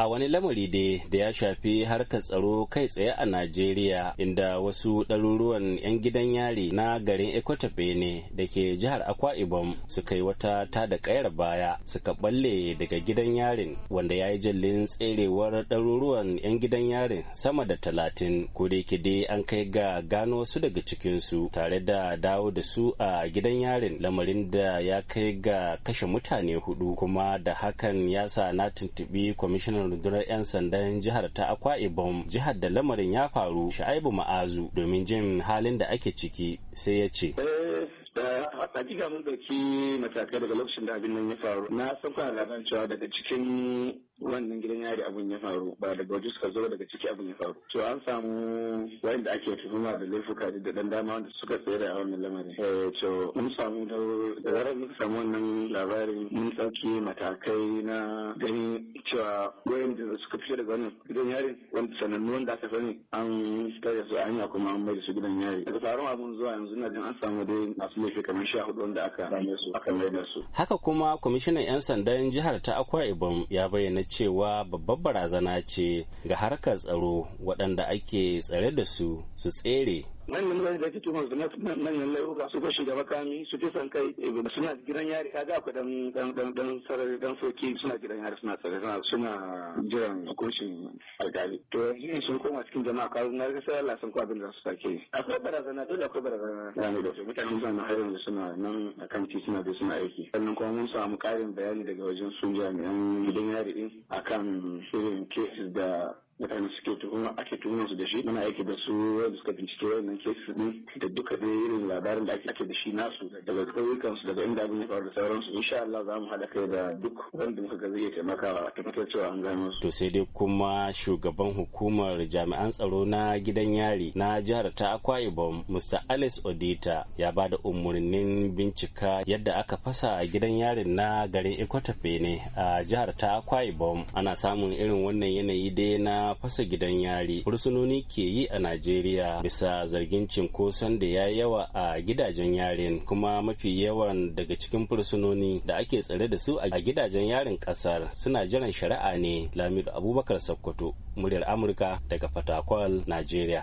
a wani lamari dai da ya shafi harkar tsaro kai tsaye a najeriya inda wasu ɗaruruwan 'yan gidan yari na garin ekota ne da ke jihar akwa ibom suka yi wata ta da kayar baya suka balle daga gidan yarin wanda ya yi jallin tserewar ɗaruruwan 'yan gidan yarin sama da talatin ko da dai an kai ga gano su daga cikin su tare da dawo da su a gidan yarin lamarin da ya kai ga kashe mutane hudu kuma da hakan ya sa na tuntuɓi kwamishinan rundunar 'yan sandan jihar ta akwa ibom jihar da lamarin ya faru sha'ibu ma'azu domin jin halin da ake ciki sai ya ce eh, hakika mun ɗauki matakai daga lokacin da abin nan ya faru na san kuna labarin cewa daga cikin wannan gidan yari abin ya faru ba daga waje suka zo daga ciki abin ya faru to an samu wanda ake tuhuma da laifuka da dan dama wanda suka tsere a wannan lamarin eh to mun samu da zarar mun samu wannan labarin mun dauki matakai na gani cewa wayan da suka fito daga wannan gidan yari wanda sanannu wanda aka sani an tsare su a hanya kuma an mai su gidan yari daga faruwa mun zuwa yanzu na jin an samu dai masu laifi kamar sha hudu da aka su haka kuma kwamishinan yan sandan jihar ta akwa ibom ya bayyana cewa babbar barazana ce ga harkar tsaro waɗanda ake tsare da su su tsere nan ne mutane da ake tuhumar da manyan laifuka su fashi da makami su fi san kai eh, suna gidan yari kaga akwai dan dan dan dan sarari dan soki suna gidan yari suna sarari suna suna jiran hukuncin alkali to yanzu ne sun koma cikin jama'a kawo na ga sai Allah san ko abin da su sake akwai barazana dole akwai barazana da ne da su mutane sun na hayan suna nan akan tituna da suna aiki sannan kuma mun samu karin bayani daga wajen sun jami'an gidan yari din akan shirin cases da mutane suke tuhuma ake tuhumar su da shi muna aiki da su da suka bincike wannan kesi din da labarin da ake da shi nasu daga ƙauyukansu daga inda abin ya faru da sauransu insha Allah za mu haɗa kai da duk wanda muka ga zai a tabbatar cewa an gano su. To sai dai kuma shugaban hukumar jami'an tsaro na gidan yari na jihar ta Akwa Ibom Mr. Alice Odita ya ba da umarnin bincika yadda aka fasa gidan yarin na garin Ikwata ne. a jihar ta Akwa Ibom ana samun irin wannan yanayi dai na fasa gidan yari fursunoni ke yi a Najeriya bisa zargin cinkoson da ya yawa a gidajen yaren kuma mafi yawan daga cikin fursunoni da ake tsare da su a gidajen yarin kasar suna jiran shari'a ne lamidu abubakar sokoto muryar amurka daga fatakwal najeriya